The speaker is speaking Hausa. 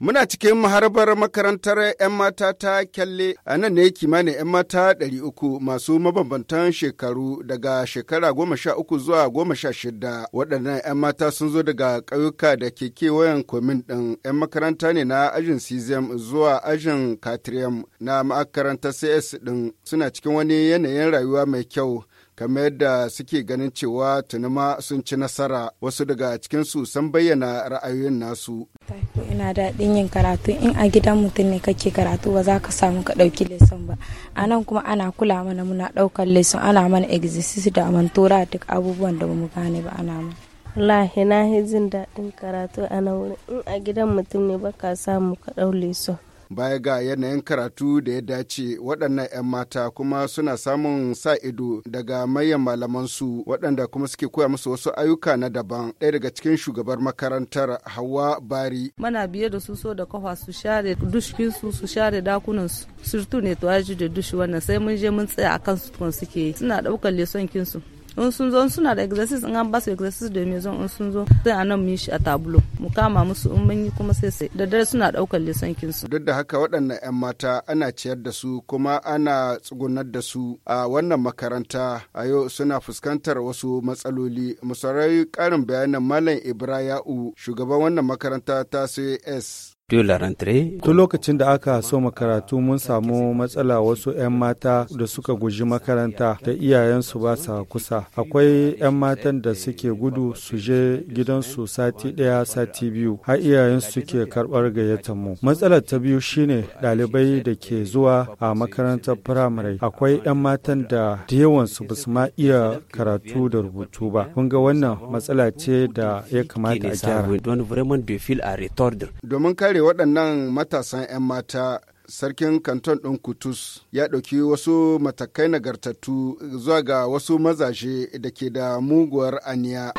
Muna cikin maharbar makarantar 'yan mata ta kyalle a nan ne kimanin 'yan mata 300 masu mabambantan shekaru daga shekara 13 zuwa 16 waɗannan 'yan mata sun zo daga ƙauyuka da ke kewayen kwamin ɗin 'yan makaranta ne na ajin CZM zuwa ajin katriam na makarantar cs ɗin suna cikin wani yanayin rayuwa mai kyau kamar yadda suke ganin cewa tunuma sun ci nasara wasu daga cikinsu sun bayyana ra'ayoyin nasu. ina daɗin yin karatu in a gidan mutum ne kake karatu ba za ka samu ka ɗauki lesson ba a nan kuma ana kula mana muna ɗaukar lesson ana mana exercise da tura duk abubuwan da mu gane ba ana mana. lahi na jin daɗin karatu a nan in a gidan mutum ne ba ka samu ka ɗau lesson baya ga yanayin karatu da ya dace waɗannan 'yan mata kuma suna samun sa ido daga mayan malamansu waɗanda kuma suke koya musu wasu ayyuka na daban ɗaya daga cikin shugabar makarantar hawa bari mana biye da su so da kafa su share dushkin su su share dakunan su surtu ne to da dushi wannan sai mun je mun tsaya akan su tukun suke suna ɗaukar lesson kinsu in sun suna da exercise in an basu su exercise da maison in sun zo sai a nan mishi shi a tabulo mu kama musu in mun yi kuma sai sai da dare suna daukar lesankin su duk da haka waɗannan 'yan mata ana ciyar da su kuma ana tsugunar da su a wannan makaranta a yau suna fuskantar wasu matsaloli musarai karin ƙarin bayanan malam ibrahim ya'u shugaban wannan makaranta ta cs Tun lokacin da aka so makaratu mun samu matsala wasu 'yan mata da suka guji makaranta da iyayensu ba sa kusa. Akwai 'yan matan da suke gudu su je gidansu sati ɗaya sati biyu har iyayensu suke karɓar gayyatar mu. Matsalar ta biyu shine ɗalibai da ke zuwa a makarantar firamare. Akwai 'yan matan da da yawansu ba su ma iya karatu da rubutu ba. Kun ga wannan matsala ce da ya kamata a gyara. Domin kare kare waɗannan matasan 'yan mata sarkin kanton ɗin kutus ya ɗauki wasu matakai nagartattu zuwa ga wasu mazaje da ke da muguwar aniya